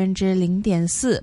百分之零點四。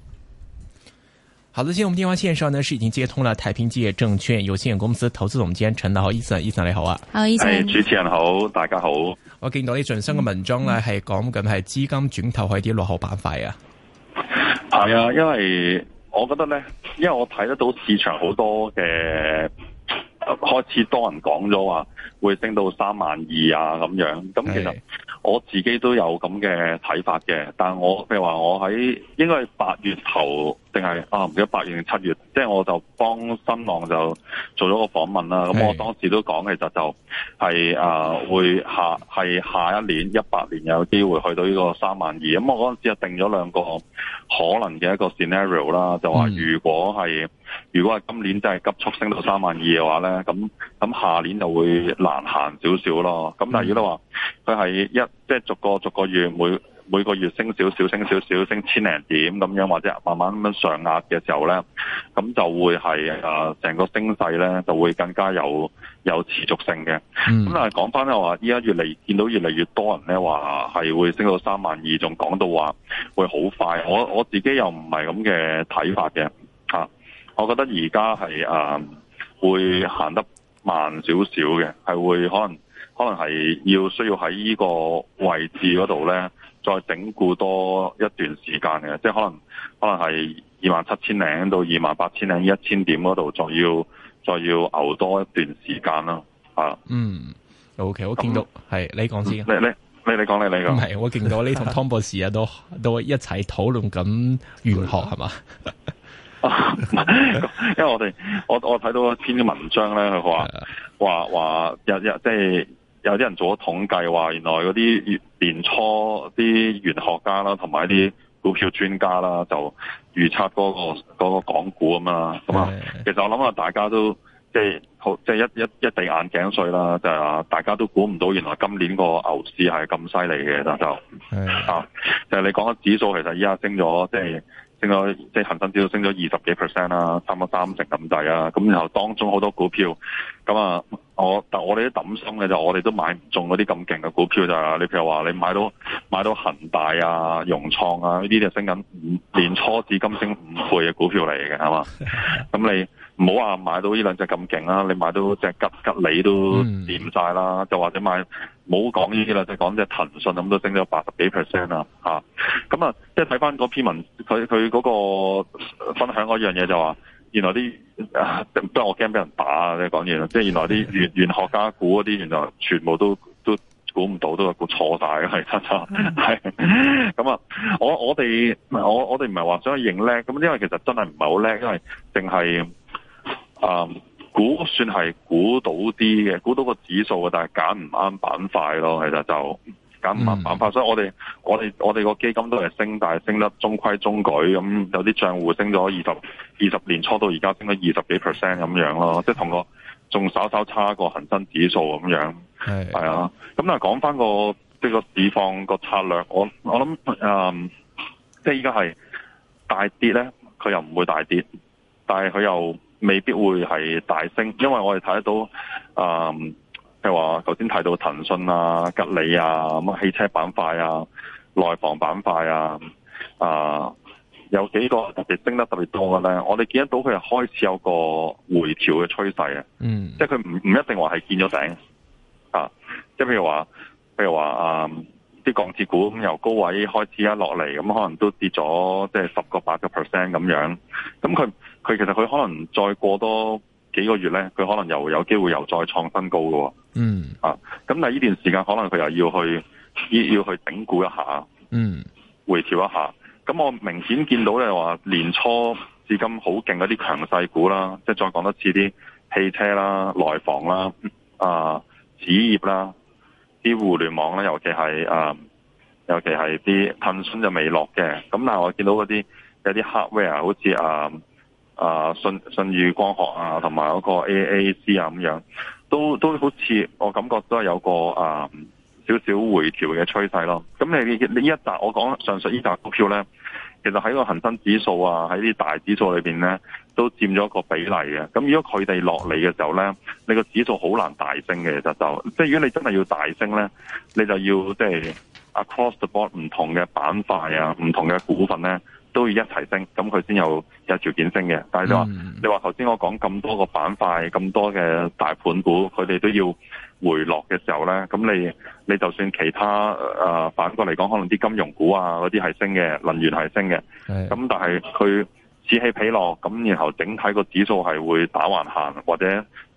好的，今日我們電話線上呢是已經接通了太平基業證券有限公司投資總監陳德豪。豪生，豪生你好啊，好，豪生，主持人好，大家好，我見到啲最新嘅文章咧係講緊係資金轉投去啲落後板塊啊，係、嗯嗯、啊，因為我覺得咧，因為我睇得到市場好多嘅開始多人講咗話會升到三萬二啊咁樣，咁其實。我自己都有咁嘅睇法嘅，但係我譬如話我喺應該係八月頭定係啊唔記得八月定七月，即係我就幫新浪就做咗個訪問啦。咁是我當時都講，其實就係、是、啊會下係下一年一八年有機會去到呢個三萬二。咁我嗰陣時就定咗兩個可能嘅一個 scenario 啦，就話如果係、嗯、如果係今年真係急速升到三萬二嘅話咧，咁咁下年就會難行少少咯。咁但係如果話佢係一即係逐個逐個月，每每個月升少少，升少少，升千零點咁樣，或者慢慢咁樣上揚嘅時候咧，咁就會係誒，啊、成個升勢咧就會更加有有持續性嘅。咁但係講翻咧話，依家越嚟見到越嚟越多人咧話係會升到三萬二，仲講到話會好快。我我自己又唔係咁嘅睇法嘅吓、啊，我覺得而家係誒會行得慢少少嘅，係會可能。可能係要需要喺呢個位置嗰度咧，再整固多一段時間嘅，即係可能可能係二萬七千零到二萬八千零一千點嗰度，再要再要熬多一段時間啦，啊、嗯，okay, 嗯，OK，我見到係對你講先你，來你你你你講你你講，唔係，我見到你同湯博士啊都 都一齊討論緊玄學係嘛？ 吧 因為我哋我我睇到一篇文章咧，佢話話話有有即係有啲人做咗統計，話原來嗰啲年初啲原學家啦，同埋啲股票專家啦，就預測嗰、嗰個嗰個港股啊嘛，咁啊，其實我諗下大家都即係好即係一一一地眼鏡碎啦，就係、大家都估唔到原來今年個牛市係咁犀利嘅，但就是是啊，就係、是、你講嘅指數其實依家升咗，即、就、係、是。升咗，即係恒生指數升咗二十幾 percent 啦，差唔多三成咁大啊！咁、啊、然後當中好多股票，咁啊，我但我哋啲抌心嘅就我哋都買唔中嗰啲咁勁嘅股票就係，你譬如話你買到買到恒大啊、融創啊呢啲就升緊五，年初至今升五倍嘅股票嚟嘅，係嘛？咁你。唔好話買到呢兩隻咁勁啦，你買到隻吉吉利都跌晒啦，嗯、就或者買，唔好講呢啲啦，即係講隻騰訊咁都升咗八十幾 percent 啦，吓，咁啊，即係睇翻嗰篇文，佢佢嗰個分享嗰樣嘢就話，原來啲，都、啊、係我驚俾人打啊，即係講嘢即係原來啲原 原，來原，原學家估嗰啲，原來全部都都估唔到，都係估錯晒噶，係係，咁啊，我我哋我我哋唔係話想去認叻，咁因為其實真係唔係好叻，因為淨係。啊、嗯，估算係估到啲嘅，估到個指數嘅，但係揀唔啱板塊咯。其實就揀唔啱板塊，嗯、所以我哋我哋我哋個基金都係升，但係升得中規中矩咁、嗯，有啲賬戶升咗二十二十年初到而家升咗二十幾 percent 咁樣咯，即係同個仲稍稍差個恒生指數咁樣係係是啊。咁但係，講翻個即係個市況個策略，我我諗、嗯、即係依家係大跌咧，佢又唔會大跌，但係佢又。未必會係大升，因為我哋睇得到，啊、嗯，譬如話頭先睇到騰訊啊、吉利啊、乜汽車板塊啊、內房板塊啊，啊，有幾個特別升得特別多嘅咧，我哋見得到佢係開始有個回調嘅趨勢啊，即係佢唔唔一定話係見咗頂啊，即係譬如話，譬如話啊。嗯啲鋼鐵股咁由高位開始一落嚟，咁可能都跌咗即係十個八個 percent 咁樣。咁佢佢其實佢可能再過多幾個月咧，佢可能又有機會又再創新高㗎。嗯啊，咁但係呢段時間可能佢又要去要去頂估一，嗯，一下，嗯，回調一下。咁我明顯見到咧話年初至今好勁嗰啲強勢股啦，即係再講多次啲汽車啦、內房啦、啊紙業啦。啲互聯網咧，尤其係啊，尤其係啲騰訊就未落嘅。咁但係我見到嗰啲有啲 hardware，好似、啊啊、信信宇光學啊，同埋嗰個 A A C 啊咁樣，都都好似我感覺都係有個少少、啊、回調嘅趨勢咯。咁你呢一集我講上述呢一集股票咧，其實喺個恒生指數啊，喺啲大指數裏邊咧。都佔咗一個比例嘅，咁如果佢哋落嚟嘅時候呢，你個指數好難大升嘅，其實就就即係如果你真係要大升呢，你就要即係 across the board 唔同嘅板塊啊，唔同嘅股份呢，都要一齊升，咁佢先有有條件升嘅。但係、就話嗯、你話你話頭先我講咁多個板塊，咁多嘅大盤股，佢哋都要回落嘅時候呢。咁你你就算其他誒、呃、反過嚟講，可能啲金融股啊嗰啲係升嘅，能源係升嘅，咁是的 但係佢。此起彼落，咁然後整體個指數係會打橫行或者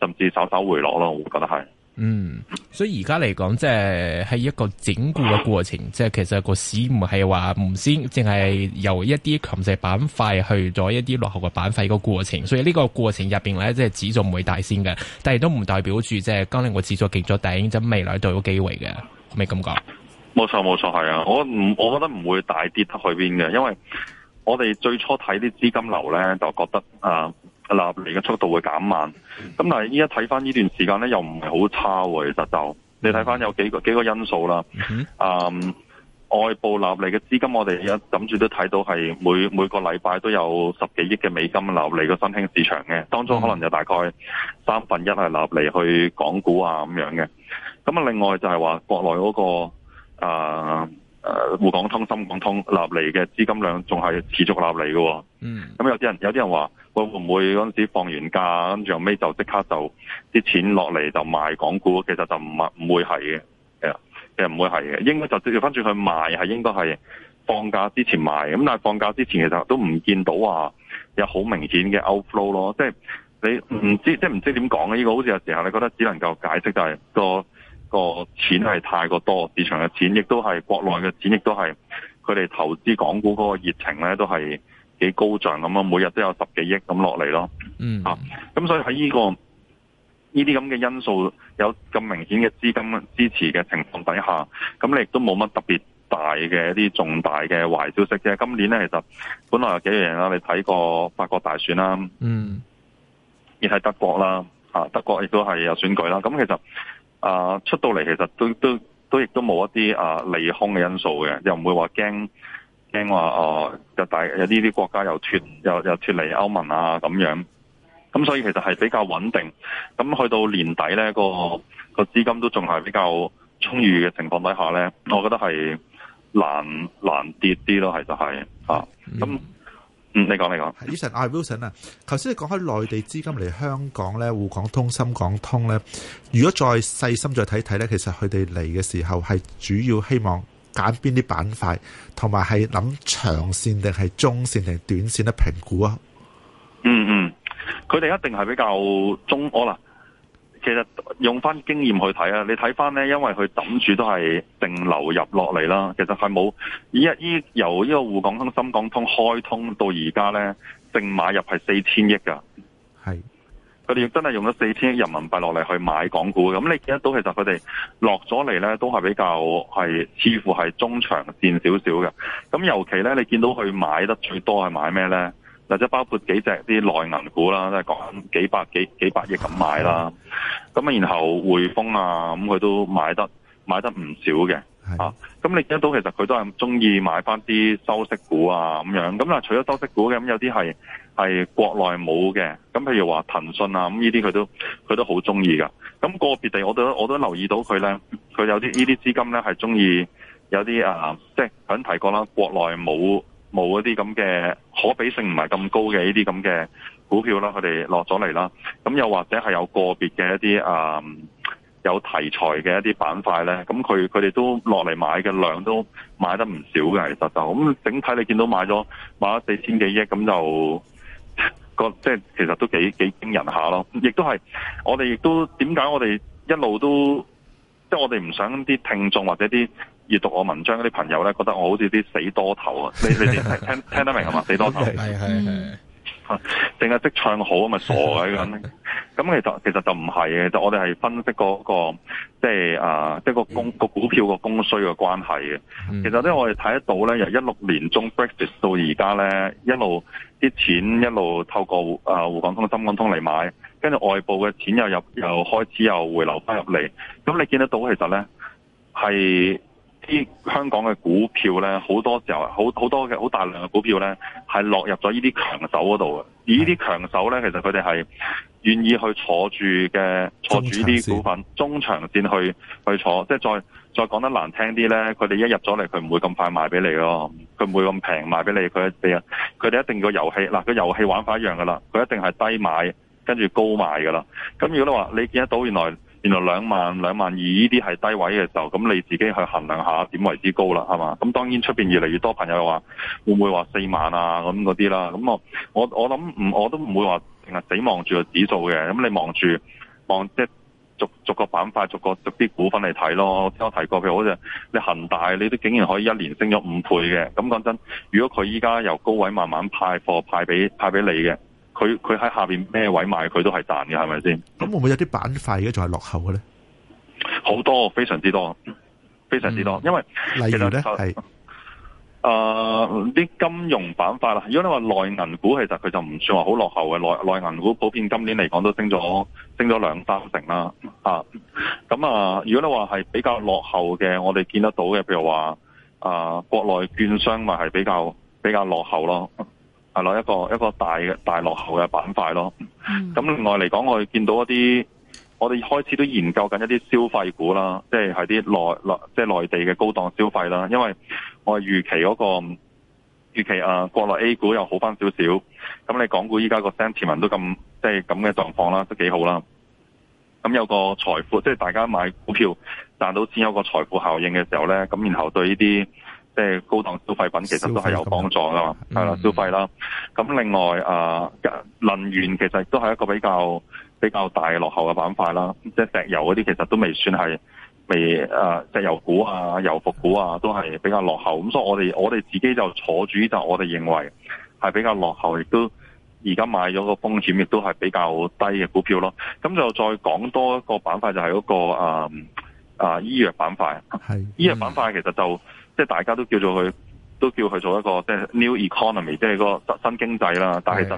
甚至稍稍回落咯，我覺得係。嗯，所以而家嚟講，即係喺一個整固嘅過程，啊、即係其實個市唔係話唔先，淨係由一啲強勢板塊去咗一啲落後嘅板塊個過程。所以呢個過程入邊咧，即係指數唔會大先嘅，但係都唔代表住即係今日個指數極咗頂，即未來都有機會嘅，咪咁講？冇錯冇錯，係啊，我唔我覺得唔會大跌得去邊嘅，因為。我哋最初睇啲資金流咧，就覺得啊，納嚟嘅速度會減慢。咁、嗯、但係依家睇返呢段時間咧，又唔係好差喎。其實就、嗯、你睇返有幾個幾個因素啦。嗯、嗯，外部納嚟嘅資金我，我哋一諗住都睇到係每每個禮拜都有十幾億嘅美金納嚟個新興市場嘅。當中可能有大概三分一係納嚟去港股啊咁樣嘅。咁、嗯、啊，另外就係話國內嗰、那個、啊誒，滬港通、深港通立嚟嘅資金量仲係持續立嚟嘅、哦。Mm. 嗯，咁有啲人有啲人話會唔會嗰陣時放完假咁，最後尾就即刻就啲錢落嚟就賣港股？其實就唔唔會係嘅，係啊，其實唔會係嘅，應該就直接翻轉去賣，係應該係放假之前賣。咁但係放假之前其實都唔見到話有好明顯嘅 outflow 咯，即係你唔知即係唔知點講嘅，呢個好似有時候你覺得只能夠解釋就係個。個錢係太過多，市場嘅錢亦都係國內嘅錢，亦都係佢哋投資港股嗰個熱情咧，都係幾高漲咁啊！每日都有十幾億咁落嚟咯，嗯、啊！咁所以喺呢、這個呢啲咁嘅因素，有咁明顯嘅資金支持嘅情況底下，咁你亦都冇乜特別大嘅一啲重大嘅壞消息啫、啊。今年咧，其實本來有幾樣嘢啦，你睇過法國大選啦，嗯，亦係德國啦，啊，德國亦都係有選舉啦，咁、啊、其實。啊，出到嚟其實都都都亦都冇一啲啊利空嘅因素嘅，又唔會話驚驚話哦，有大有呢啲國家又脫又又脫離歐盟啊咁樣，咁所以其實係比較穩定。咁去到年底呢個個資金都仲係比較充裕嘅情況底下呢，我覺得係難難跌啲咯，係就係、是、啊，咁。嗯，你講你講，Wilson 啊，頭先你講開內地資金嚟香港咧，滬港通、深港通咧，如果再細心再睇睇咧，其實佢哋嚟嘅時候係主要希望揀邊啲板塊，同埋係諗長線定係中線定係短線咧評估啊？嗯嗯，佢、嗯、哋一定係比較中可能。其實用翻經驗去睇啊，你睇翻咧，因為佢抌住都係淨流入落嚟啦。其實係冇以一依由呢個滬港通、深港通開通到而家咧，淨買入係四千億噶。係佢哋真係用咗四千億人民幣落嚟去買港股。咁你見到其實佢哋落咗嚟咧，都係比較係似乎係中長線少少嘅。咁尤其咧，你見到佢買得最多係買咩咧？或者包括幾隻啲內能股啦，都係講幾百幾幾百億咁買啦。咁啊，然後匯豐啊，咁佢都買得買得唔少嘅。嚇的，咁、啊、你見到其實佢都係中意買翻啲收息股啊咁樣。咁啊，除咗收息股嘅，咁有啲係係國內冇嘅。咁譬如話騰訊啊，咁呢啲佢都佢都好中意噶。咁、那個別地我都我都留意到佢咧，佢有啲呢啲資金咧係中意有啲啊，即係頭先提過啦，國內冇。冇一啲咁嘅可比性唔係咁高嘅呢啲咁嘅股票啦，佢哋落咗嚟啦。咁又或者係有個別嘅一啲啊、嗯，有題材嘅一啲板塊咧。咁佢佢哋都落嚟買，嘅量都買得唔少嘅，其實就咁整體你見到買咗買咗四千幾億咁，就個即係其實都幾幾驚人下咯。亦都係我哋亦都點解我哋一路都即係、就是、我哋唔想啲聽眾或者啲閱讀我文章嗰啲朋友咧，覺得我好似啲死多頭啊！你你聽聽得明係嘛？死多頭，係係係，淨係識唱好嘛？傻鬼咁？咁其實其實就唔係嘅，就我哋係分析嗰、嗰個即係啊，即個供個、嗯、股票個供需嘅關係嘅。嗯、其實咧，我哋睇得到咧，由一六年中 Brexit 到而家咧，一路啲錢一路透過啊滬港通、深港通嚟買，跟住外部嘅錢又入又開始又回流翻入嚟。咁你見得到其實咧係。啲香港嘅股票咧，好多時候好好多嘅好大量嘅股票咧，係落入咗呢啲強手嗰度嘅。而呢啲強手咧，其實佢哋係願意去坐住嘅，坐住呢啲股份中長線去去坐。即係再再講得難聽啲咧，佢哋一入咗嚟，佢唔會咁快賣俾你咯，佢唔會咁平賣俾你。佢一啊，佢哋一定個遊戲嗱，個遊戲玩法一樣噶啦。佢一定係低買跟住高賣噶啦。咁如果說你話你見得到原來，原來兩萬兩萬二呢啲係低位嘅時候，咁你自己去衡量下點為之高啦，係嘛？咁當然出面越嚟越多朋友又話，會唔會話四萬啊咁嗰啲啦？咁我我我諗唔，我都唔會話成日死望住個指數嘅。咁你望住望即係逐逐個板塊、逐個逐啲股份嚟睇咯。聽我提過，譬如好似你恒大，你都竟然可以一年升咗五倍嘅。咁講真，如果佢依家由高位慢慢派貨派俾派俾你嘅。佢佢喺下邊咩位賣佢都係彈嘅，係咪先？咁會唔會有啲板塊而家仲係落後嘅咧？好多，非常之多，非常之多。嗯、因為例如咧，係誒啲金融板塊啦。如果你話內銀股，其實佢就唔算話好落後嘅。內內銀股普遍今年嚟講都升咗升咗兩三成啦。咁啊，如果你話係比較落後嘅，我哋見得到嘅，譬如話、呃、國內券商咪係比較比較落後咯。係咯，一個一個大嘅大落後嘅板塊咯。咁、嗯、另外嚟講，我哋見到一啲，我哋開始都研究緊一啲消費股啦，即係喺啲內內即係內地嘅高檔消費啦。因為我預期嗰、那個預期啊，國內 A 股又好翻少少。咁你港股依家個 sentiment 都咁，即係咁嘅狀況啦，都幾好啦。咁有個財富，即係大家買股票賺到錢有個財富效應嘅時候咧，咁然後對呢啲。即係高檔消費品其實都係有幫助噶嘛，係啦消、嗯、消費啦。咁另外啊，能源其實都係一個比較比較大嘅落後嘅板塊啦。即係石油嗰啲其實都未算係未啊，石油股啊、油服股啊都係比較落後的。咁所以我哋我哋自己就坐住就係、我哋認為係比較落後的，亦都而家買咗個風險亦都係比較低嘅股票咯。咁就再講多一個板塊就係、係、嗰個啊啊醫藥板塊。係、嗯、醫藥板塊其實就。即係大家都叫做佢，都叫佢做一個即係 new economy，即係個新經濟啦。係嘅。但係實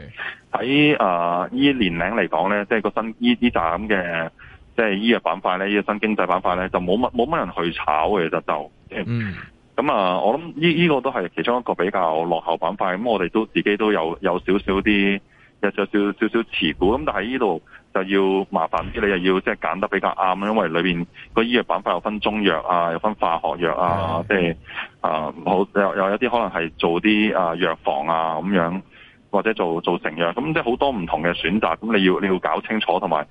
喺呢年齡嚟講咧，即係個新呢呢扎嘅，即係呢個板塊咧，呢個新經濟板塊咧，就冇乜冇乜人去炒嘅，其實就。嗯。咁啊、嗯，我諗呢呢個都係其中一個比較落後板塊。咁我哋都自己都有有少少啲。有少少少少持股，咁但係呢度就要麻煩啲，你又要即係揀得比較啱，因為裏邊個醫藥板塊有分中藥啊，有分化學藥啊，即係啊，好、就是、有有一啲可能係做啲啊藥房啊咁樣，或者做做成藥，咁即係好多唔同嘅選擇，咁你要你要搞清楚，同埋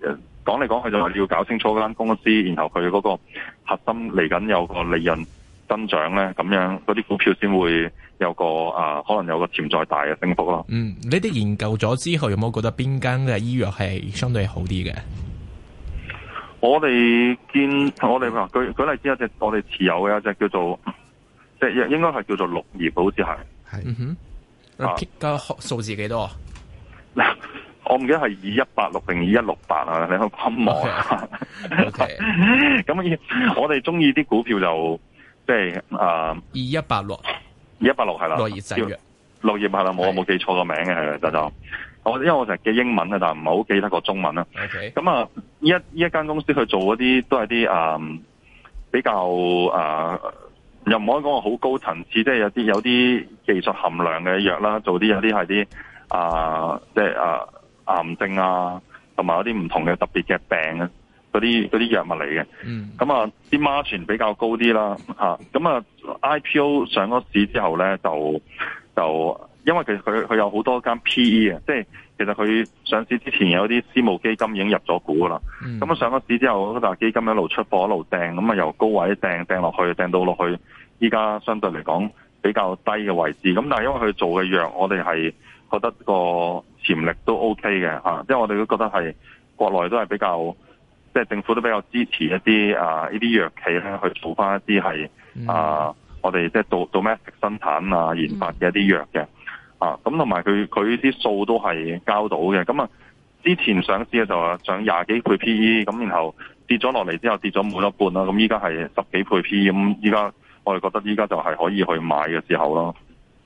講嚟講去就話你要搞清楚嗰間公司，然後佢嗰個核心嚟緊有個利潤。增長咧咁樣，嗰啲股票先會有個啊，可能有個潛在大嘅升幅咯。嗯，你哋研究咗之後有冇覺得邊間嘅醫藥係相對好啲嘅？我哋見我哋話舉舉例子有隻我哋持有嘅有隻叫做即係應該係叫做六二寶之下。係係是嗯哼啊數字幾多？嗱， 我唔記得係二一八六定二一六八啊，你去觀啊。咁我哋中意啲股票就。即係誒，就是 uh, 二一八六，二一八六係啦，綠葉製藥，綠葉係啦，我冇記錯個名嘅，大壯，我因為我成日記英文，不記文 Okay.、嗯、啊，但係唔係好記得個中文啦。咁、就是嗯、啊，呢一一間公司佢做嗰啲都係啲誒比較誒又唔可以講好高層次，即係有啲有啲技術含量嘅藥啦，做啲有啲係啲誒即係誒癌症啊，還有一些不同埋有啲唔同嘅特別嘅病啊。嗰啲啲藥物嚟嘅，咁啊啲 margin 比較高啲啦，吓咁啊 IPO 上咗市之後咧，就就因為其實佢佢有好多間 PE 嘅，即係其實佢上市之前有啲私募基金已經入咗股噶啦，咁啊、嗯、上咗市之後嗰啲基金一路出貨一路掟，咁啊由高位掟掟落去，掟到落去依家相對嚟講比較低嘅位置，咁但係因為佢做嘅藥，我哋係覺得個潛力都 OK 嘅吓、啊，因為我哋都覺得係國內都係比較。即係政府都比較支持一啲啊些藥呢啲藥企咧去做翻一啲係、嗯、啊我哋即係 domestic 生產啊研發嘅一啲藥嘅啊咁同埋佢佢啲數都係交到嘅咁啊之前上市嘅就話漲廿幾倍 PE 咁然後跌咗落嚟之後跌咗冇多半啦咁依家係十幾倍 PE 咁依家我哋覺得依家就係可以去買嘅時候咯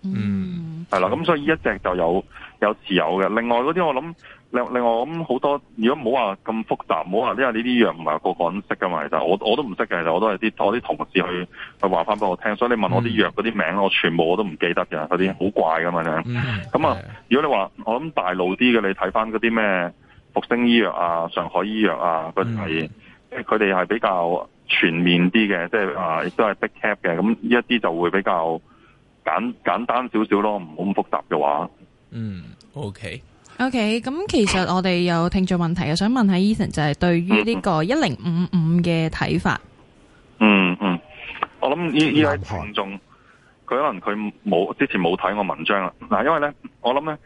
嗯係啦咁所以呢一隻就有有持有嘅另外嗰啲我諗。另另外，我諗好多，如果唔好話咁複雜，唔好話，因為呢啲藥唔係個個都識噶嘛，其實我我都唔識嘅，其實我都係啲我啲同事去去話翻俾我聽，所以你問我啲藥嗰啲名，嗯、我全部我都唔記得嘅，嗰啲好怪噶嘛，咁啊，如果你話我諗大路啲嘅，你睇翻嗰啲咩復星醫藥啊、上海醫藥啊啲係，佢哋係比較全面啲嘅，即係啊，亦都係 big cap 嘅，咁呢一啲就會比較簡簡單少少咯，唔好咁複雜嘅話。嗯，OK。O.K. 咁其實我哋有聽眾問題嘅，想問下 Eason 就係對於呢個一零五五嘅睇法。嗯嗯，我諗呢呢位聽眾佢可能佢冇之前冇睇我文章啦。嗱，因為咧我諗咧，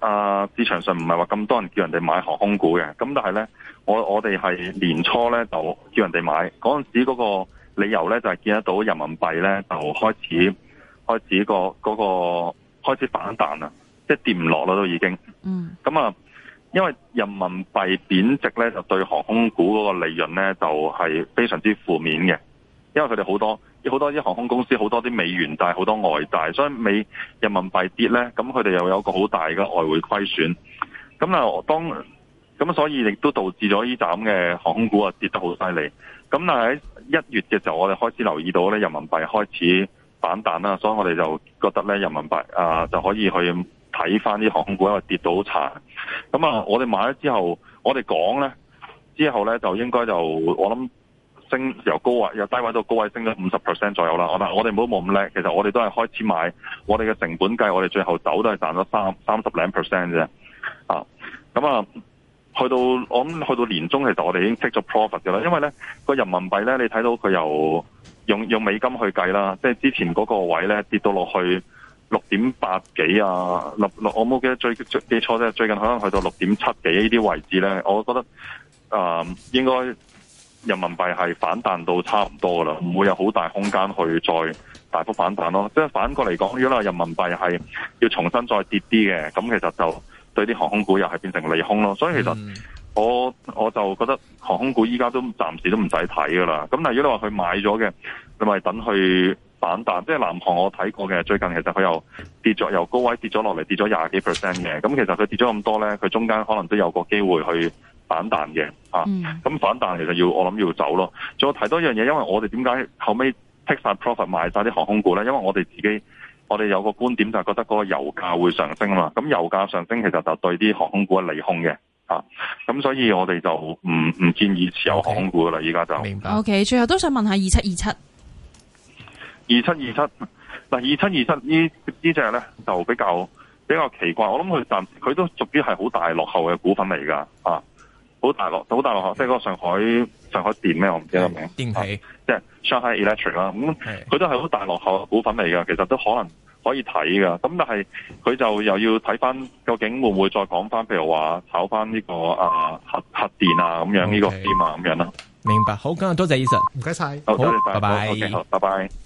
阿、啊、市場上唔係話咁多人叫人哋買航空股嘅。咁但係咧，我我哋係年初咧就叫人哋買嗰陣時嗰個理由咧就係見得到人民幣咧就開始開始，嗰個嗰個開始反彈啦。即係跌唔落咯，都已經。嗯。咁啊，因為人民幣貶值咧，就對航空股嗰個利潤咧，就係、是、非常之負面嘅。因為佢哋好多，好多啲航空公司，好多啲美元債、好多外債，所以美人民幣跌咧，咁佢哋又有一個好大嘅外匯虧損。咁啊，當咁所以亦都導致咗呢站嘅航空股啊跌得好犀利。咁但係喺一月嘅時候，我哋開始留意到咧，人民幣開始反彈啦，所以我哋就覺得咧，人民幣啊就可以去。睇翻啲航空股，因為跌到殘。咁啊，我哋買咗之後，我哋講咧，之後咧就應該就我諗升由高位由低位到高位升咗五十 percent 左右啦。我哋我哋唔好冇咁叻。其實我哋都係開始買，我哋嘅成本計，我哋最後走都係賺咗三三十零 percent 啫。啊，咁啊，去到我諗去到，年中其實我哋已經 take 咗 profit 嘅啦。因為咧個人民幣咧，你睇到佢由用用美金去計啦，即係之前嗰個位咧跌到落去。六點八幾啊，六六，我冇記得最最記錯最近可能去到六點七幾呢啲位置咧，我覺得啊、呃，應該人民幣係反彈到差唔多噶啦，唔會有好大空間去再大幅反彈咯。即係反過嚟講，如果人民幣係要重新再跌啲嘅，咁其實就對啲航空股又係變成利空咯。所以其實我我就覺得航空股依家都暫時都唔使睇噶啦。咁，但如果你話佢買咗嘅，你咪等佢。.反彈，即係南航我睇過嘅，最近其實佢又跌咗，由高位跌咗落嚟，跌咗廿幾 percent 嘅。咁其實佢跌咗咁多咧，佢中間可能都有個機會去反彈嘅。嗯、啊，咁反彈其實要我諗要走咯。仲有提多一樣嘢，因為我哋點解後尾剔晒 profit 賣晒啲航空股咧？因為我哋自己，我哋有個觀點就係覺得嗰個油價會上升啊嘛。咁油價上升其實就對啲航空股係利空嘅。啊，咁所以我哋就唔唔建議持有航空股噶啦。依家就，Okay，明白，OK，最後都想問下二七二七。二七二七，嗱二七二七呢，呢隻咧，就比較比較奇怪，我諗佢但佢都屬於係好大落後嘅股份嚟噶啊，好大落好大落後，嗯、即係嗰個上海上海電咩，我唔記得名。電氣、啊，即係 Shanghai Electric 啦、啊，咁、嗯、佢都係好大落後嘅股份嚟噶，其實都可能可以睇噶，咁但係佢就又要睇翻究竟會唔會再講翻，譬如話炒翻、這、呢個啊核核電啊咁樣呢、okay, 個電啊咁樣啦。明白，好今日多謝醫生，唔該晒，好，拜拜，OK，好，拜拜。Bye bye